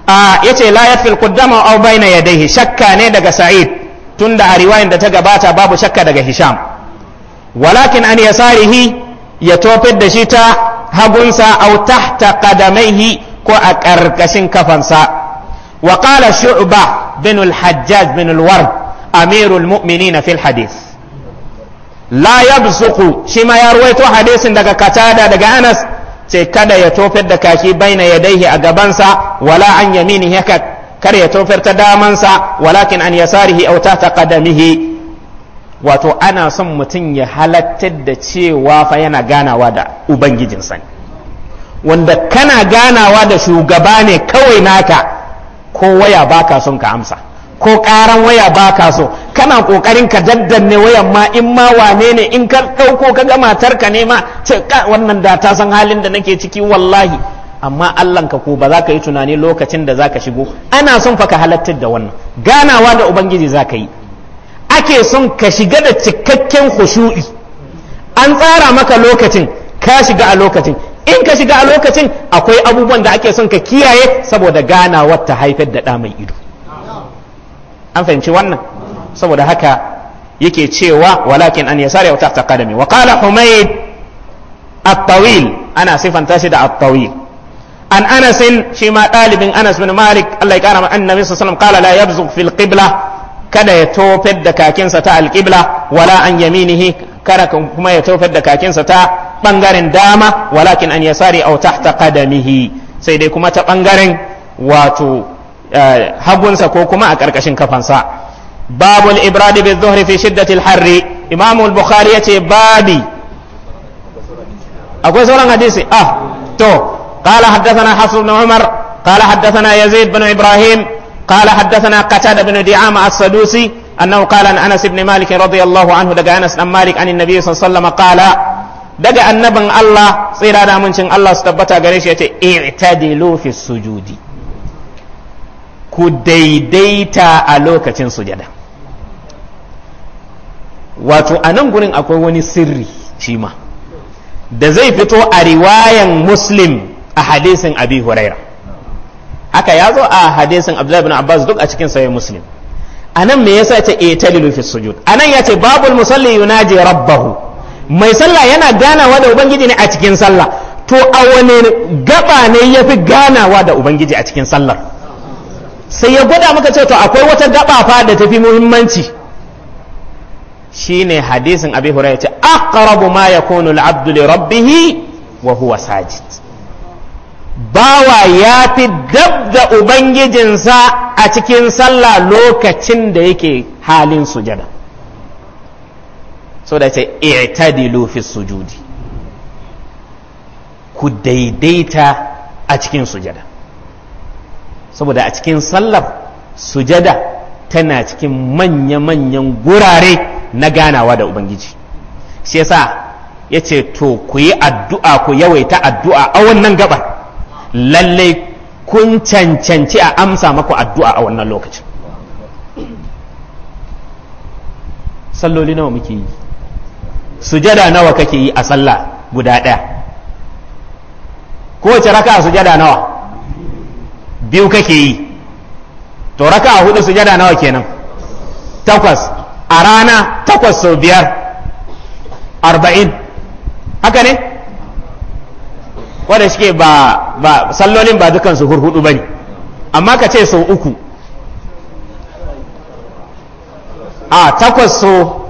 a ce la yatfil qaddama aw baina yadayhi shakka ne daga sa'id tunda a riwayan da ta gabata babu shakka daga hisham walakin an sarihi ya tofar da shi ta hagunsa ta tahta qadamaihi ko a ƙarƙashin kafansa وقال شعبة بن الحجاج بن الورد أمير المؤمنين في الحديث لا يبزق شما يرويتو حديث دقا كتادة دقا أنس ce kada ya tofar da kashi baina ya daihi a gabansa wala an yamini haka kar ya tofar ta damansa walakin an yasarihi au ta qadamihi wato ana son mutum ya halattar da cewa fa ganawa da ubangijinsa wanda kana ganawa da shugaba ne kawai naka ko waya baka son ka amsa ko karan waya baka so kana kokarin ka daddanne wayan ma in ma wane ne in ka dauko ka ga matarka ne ma ce wannan da ta san halin da nake ciki wallahi amma Allah ka ko ba za ka yi tunani lokacin da za ka shigo ana son fa ka halattar da wannan ganawa da ubangiji za ka yi ake son ka shiga da cikakken khushu'i an tsara maka lokacin ka shiga a lokacin in ka shiga a lokacin akwai abubuwan da ake son ka kiyaye saboda ganawa ta haifar da ɗa mai ido an fahimci wannan saboda haka yake cewa walakin an yasari wata ta kadami wa qala humayd at ana sifanta shi da at an Anasin shi ma anas bin malik Allah ya kara annabi sallallahu alaihi wasallam qala la fil qibla kada ya tofar da kakinsa ta alƙibla wala an yaminihi kada kuma ya tofar da kakinsa ta bangaren dama walakin an yasari aw tahta qadamihi sai dai kuma ta bangaren wato eh, hagunsa ko kuma a ƙarƙashin kafansa babul ibradi bi dhuhri fi shiddati al-harri imam al-bukhari yace babi akwai sauran hadisi ah to قال حدثنا حفص بن عمر قال حدثنا يزيد بن ابراهيم قال حدثنا قتاده بن دعامه السدوسي أنه قال عن أنس بن مالك رضي الله عنه دقى أنس بن مالك عن النبي صلى الله عليه وسلم قال دقى النبن الله صير هذا من الله استبتا قريش اعتدلوا في السجود كديديتا ألوكة سجدة wato a nan gurin akwai wani sirri shi ma da zai fito a riwayan muslim a hadisin abi huraira haka ya zo a hadisin abdullahi bin abbas duk a cikin sahih muslim anan me yasa ce etalilu fi sujud anan yace babu musalli yunaji rabbahu mai sallah yana ganawa da ubangiji ne a cikin sallah to a wani gaba ne yafi ganawa da ubangiji a cikin sallar sai ya gwada muka ce to akwai wata gaba fa da tafi muhimmanci shine hadisin abi hurairah ce aqrabu ma yakunu al-abdu li rabbih wa huwa sajid bawa ya fi dab da ubangijinsa a cikin sallah lokacin da yake halin sujada so da ce i'tadilu fi sujudi ku daidaita a cikin sujada saboda a cikin sallar sujada tana cikin manya-manyan gurare na ganawa da ubangiji shi yasa ya ce to ku yi addu'a ku yawaita addu'a a wannan gabar lalle kun cancanci a amsa maku addu'a a wannan lokacin salloli nawa muke yi sujada nawa kake yi a sallah guda ɗaya kowace raka sujada nawa biyu kake yi to raka a hudu sujada nawa kenan takwas a rana takwas sau biyar arba'in haka ne wanda shi ba ba sallolin ba dukan su hurhudu ne, amma ka ce sau uku a takwas so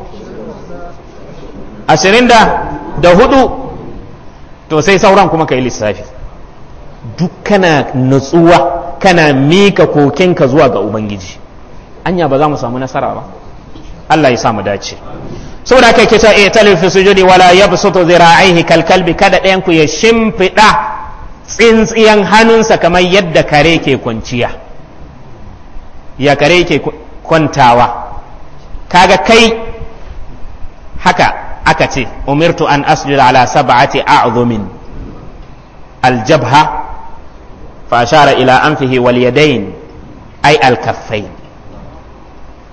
ashirin da da hudu to sai sauran kuma ka yi lissafi duk kana natsuwa kana mika kokenka zuwa ga ubangiji anya ba za mu samu nasara ba Allah ya sa mu dace saboda haka kisa a eh, italin fi ya wala yabsutu zira'ihi kal kalkalbi kada ɗayan ku ya shimfiɗa tsintsiyan hannunsa kamar yadda kare ke kwanciya ya kare ke kwantawa kaga kai haka aka ce umirtu an asjuda ala sab'ati a'zumin aljabha fa ashara ila anfihi wal yadayn ay al kaffayn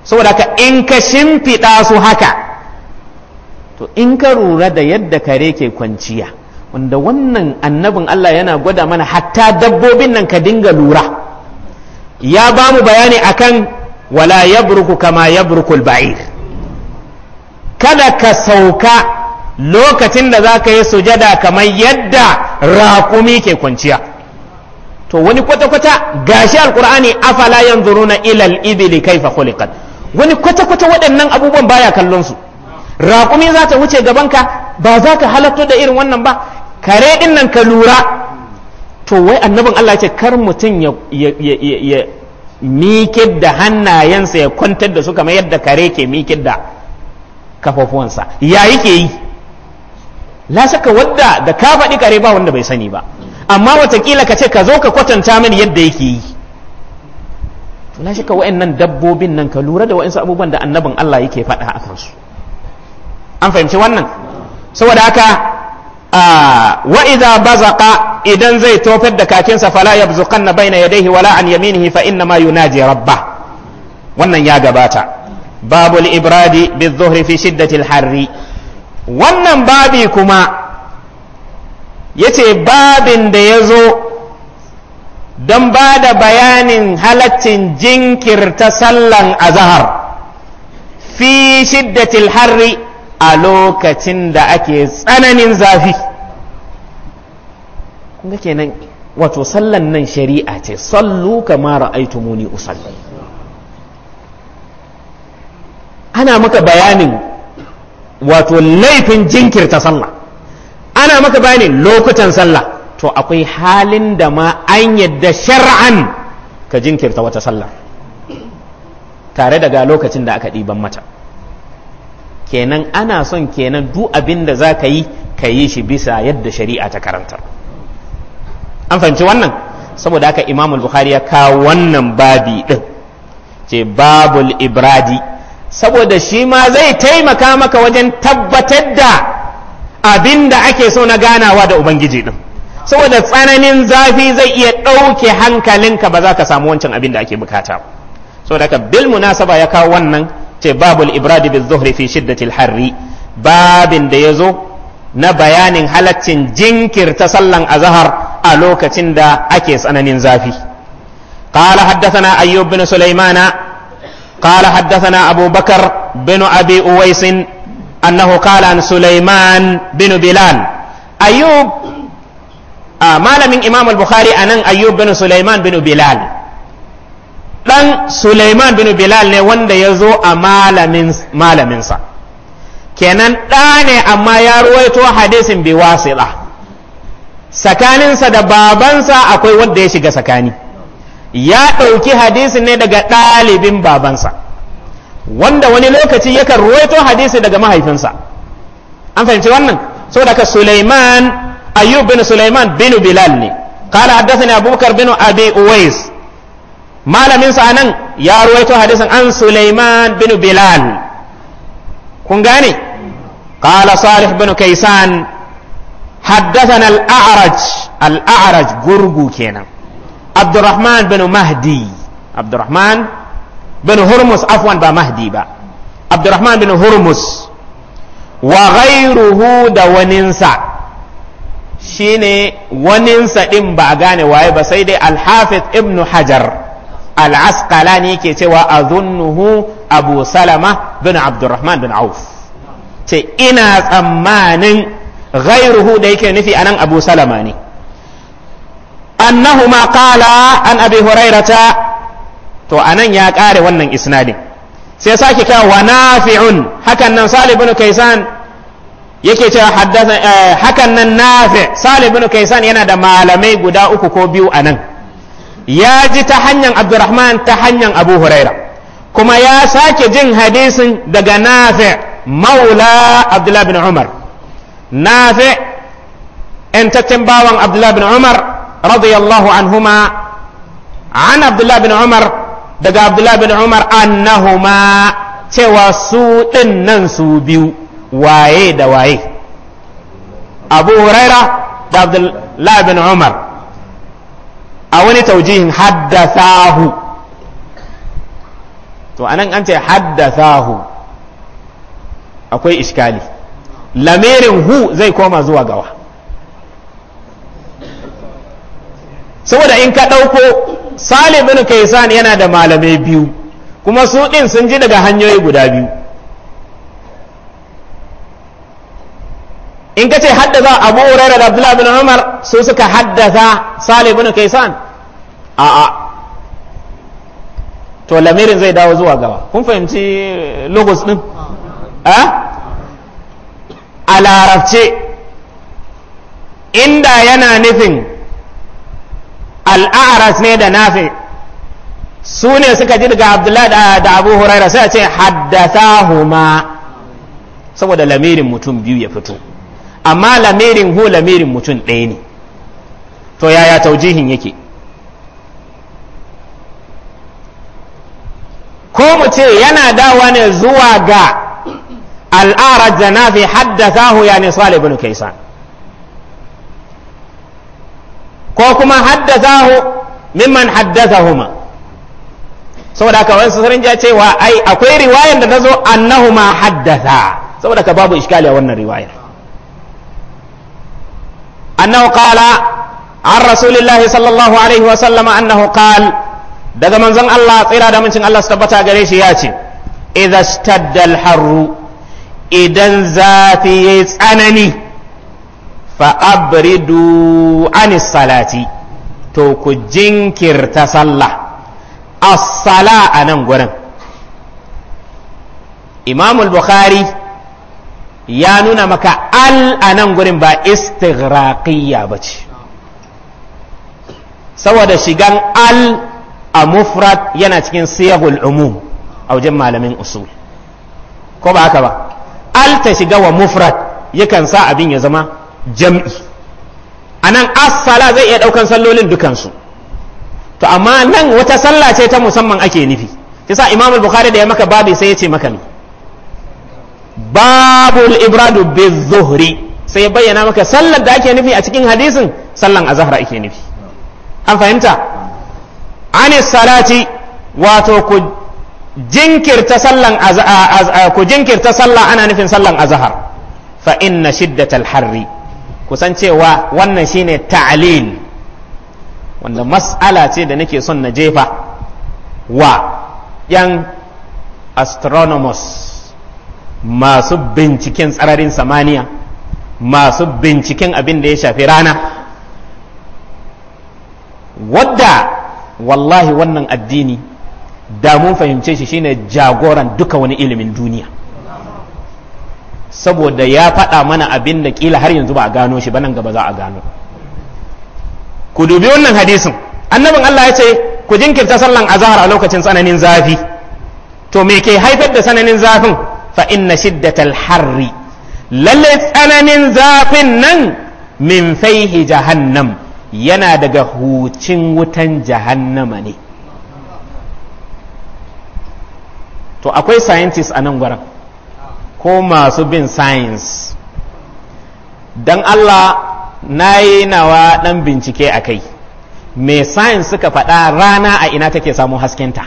saboda ka in ka shimfiɗa su haka to in ka rura da yadda kare ke kwanciya wanda wannan annabin Allah yana gwada mana hatta dabbobin nan ka dinga lura ya ba mu bayani akan wala yabruku kama yabrukul ba'ir kada ka sauka lokacin da za ka yi sujada kamar yadda raƙumi ke kwanciya to wani kwata-kwata gashi alkur'ani afala yanzuruna ilal ibili kaifa khuliqat wani kwata-kwata waɗannan abubuwan baya kallon su raƙumi za ta wuce gabanka ba za ka halatto da irin wannan ba kare din nan ka lura to wai annabin Allah ce kar mutum ya da hannayensa ya kwantar da su kamar yadda kare ke mikir da kafafuwansa ya yake yi la saka wadda da ka faɗi kare ba wanda bai sani ba amma watakila ka ce ka zo ka kwatanta mini yadda yake yi to la shaka wa'annan dabbobin nan ka lura da wa'ansu abubuwan da annabin Allah yake faɗa a kansu an fahimci wannan saboda haka wa idza bazaqa idan zai tofar da kakinsa fala yabzuqanna baina yadayhi wala an yaminihi fa inna ma yunaji rabba wannan ya gabata babul ibradi bizuhri fi shiddatil harri wannan babi kuma yace babin da yazo don ba da bayanin halaccin jinkirta sallan azahar fi shiddatil harri a lokacin da ake tsananin zafi kunga kenan wato sallan nan shari'a ce sallu kama muni usalli ana maka bayanin wato laifin jinkirta sallah ana maka bayanin lokutan sallah to akwai halin da ma an yadda shar'an ka jinkirta wata sallah tare daga lokacin da aka ɗiban mata kenan ana son kenan du abin da za ka yi ka yi shi bisa yadda shari'a ta karanta, an fahimci wannan saboda haka imamul bukhari ya kawo wannan babi din ce babul ibradi saboda shi ma zai taimaka maka wajen tabbatar da abin da ake so na ganawa da ubangiji din saboda tsananin zafi zai iya ɗauke hankalinka ba za ka samu wancan abin da ake bukata saboda haka bil munasaba ya kawo wannan ce babul ibradi bi zuhri fi shiddatil harri babin da ya zo na bayanin halaccin jinkirta sallan azahar a lokacin da ake tsananin zafi قال حدثنا أيوب بن سليمان قال حدثنا أبو بكر بن أبي أويس أنه قال عن سليمان بن بلال أيوب آه ما من إمام البخاري أن أيوب بن سليمان بن بلال ɗan Suleiman bin Bilal ne wanda ya zo a malaminsa kenan ɗa ne amma ya ruwaito hadisin bi wasila tsakaninsa da babansa akwai wanda ya shiga tsakani ya ɗauki hadisin ne daga ɗalibin babansa wanda wani lokaci yakan ruwaito hadisi daga mahaifinsa an fahimci wannan so daga Suleiman ayyub bin Suleiman bin Bilal ne kala حدثني أبو بكر bin abi uwais malamin sa nan ya ruwaito hadisin an Sulaiman bin Bilal kun gane qala Salih bin Kaisan حدثنا الأعرج الأعرج غرغو كينا عبد الرحمن بن مهدي عبد الرحمن بن هرمس عفوا با مهدي با عبد الرحمن بن هرمس وغيره دوننسا shine waninsa ɗin ba gane waye ba sai dai alhafiz ibnu hajar al-asqalani yake cewa azunnuhu abu salama bin abdurrahman bin auf ce ina tsammanin ghairuhu da yake nufi anan abu salama ne annahuma qala an abi hurairata to anan ya kare wannan isnadin sai sake kawo wa nafi'un hakan nan salih bin kaisan yake cewa haddasa eh, hakan nan nafi salih bin kaisan yana da malamai guda uku ko biyu anan ya ji ta hanyar abdurrahman ta hanyar abu huraira kuma ya sake jin hadisin daga nafi maula abdullah bin umar nafi yantaccen bawan abdullah bin umar radiyallahu anhuma an abdullah bin umar daga abdullah bin umar annahuma cewa su ɗinnan nan su biyu waye da waye abu huraira da abdullah bin umar a wani taujihin haddathahu to anan an ce haddathahu akwai iskali lamirin hu zai koma zuwa gawa saboda in ka ɗauko salibin kaisan yana da malamai biyu kuma su ɗin sun ji daga hanyoyi guda biyu in ka ce haddasa abu hurairah da abdullahi bin umar su suka haddasa sale bin kaisan a'a to lamirin zai dawo zuwa gaba kun fahimci eh, logos din ah. eh? a larabce inda yana nufin al'aras ne da nafi su ne suka ji daga abdullahi da abu huraira sai a ce haddasa huma saboda lamirin mutum biyu ya fito amma lamirin hu lamirin mutum ɗaya ne to yaya taujihin yake ko mu ce yana dawa ne zuwa ga al'arar janafi na fi ya ne salih ibn kaisan ko kuma haddasa mimman haddasa huma saboda ka wani sassarin ja cewa ai akwai riwayar da ta zo ma haddasa saboda ka babu iskali a wannan riwayar annahu qala an rasulillahi sallallahu alaihi wa sallama annahu qala daga manzon Allah tsira da mincin Allah su tabbata gare shi ya ce Idan stadda harru idan zafi yayi tsanani fa abridu anis salati to ku jinkirta sallah as-sala nan gurin Imamul bukhari ya nuna maka al a nan gurin ba istighraqiyya ba ce saboda shigan al a mufrad yana cikin siyahul umum a wajen malamin usul ko ba haka ba al ta shiga wa mufrad yakan sa abin ya zama jam'i a nan asala zai iya ɗaukan sallolin dukansu to amma nan wata sallah ce ta musamman ake nufi yasa imam al-bukhari da ya maka babu sai ya ce maka ne Babu ibradu bi zuhri sai bayyana maka sallar da ake nufi a cikin hadisin sallan azhar ake nufi an fahimta ani salati wato ku jinkirta sallan ku jinkirta sallah ana nufin sallan azhar fa inna shiddatal harri kusan cewa wannan shine ta'lil wanda mas'ala ce da nake son na jefa wa yan astronomers masu binciken tsararin samaniya masu binciken abin da ya shafi rana wadda wallahi wannan addini da mun fahimce shi shine jagoran duka wani ilimin duniya saboda ya faɗa mana abin da ƙila har yanzu ba a gano shi ba nan gaba za a gano ku dubi wannan hadisin annabin Allah ya ce ku jinkirta sallan azahar a lokacin tsananin zafi to me ke haifar da tsananin zafin fa inna shiddatal harri lalle tsananin zafin nan min faihi jahannam yana daga hucin wutan jahannama ne to akwai scientists a nan gwaran ko masu bin science don Allah na yi nawa ɗan bincike a kai me science suka faɗa rana a ina take samun haskenta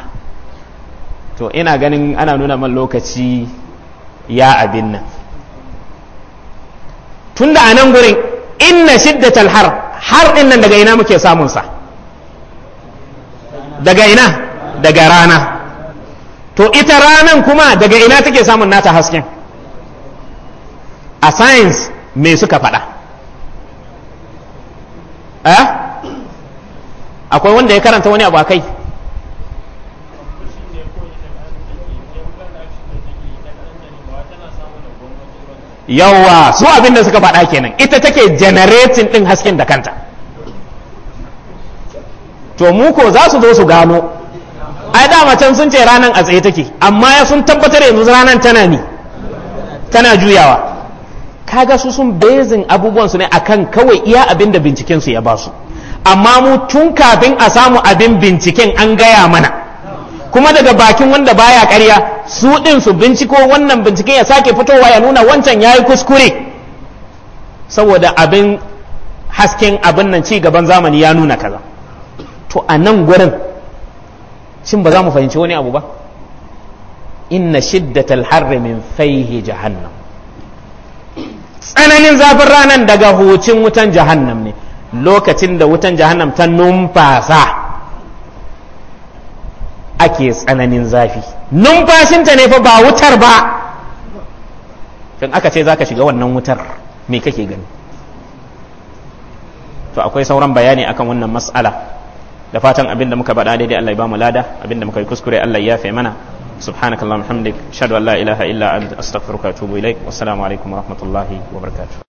to ina ganin ana nuna man lokaci ya abin nan tun da a nan gurin inna shiddatal har har din nan daga ina muke samunsa daga ina daga rana to ita ranan kuma daga ina take samun nata hasken a science me suka faɗa eh? akwai wanda ya karanta wani abu a kai yawa su abin da suka faɗa kenan ita take generating ɗin hasken da kanta to mu ko za su zo su gano ai dama can sun ce ranar a tsaye take amma ya sun tabbatar yanzu ranan tana ne tana juyawa kaga su sun bezin su ne akan kawai iya abin da su ya ba su amma mu tun kafin a samu abin binciken an gaya mana kuma daga bakin wanda baya ƙarya su ɗin su binciko wannan binciken ya sake fitowa ya nuna wancan ya yi kuskure saboda abin hasken abin nan ci gaban zamani ya nuna kaza to a nan gurin shin ba za mu fahimci wani abu ba inna shiddatal harri min faihi jahannam tsananin zafin ranar daga hucin wutan jahannam ne lokacin da wutan jahannam ta numfasa ake tsananin zafi numfashinta ne fa ba wutar ba in aka ce za ka shiga wannan wutar me kake gani to akwai sauran bayani akan wannan mas'ala da fatan abinda muka faɗa daidai Allah ya bamu lada abinda muka yi kuskure Allah ya yafe mana subhanakallahumma hamdik shadu an la illa anta astaghfiruka wa atubu ilaik wa rahmatullahi wa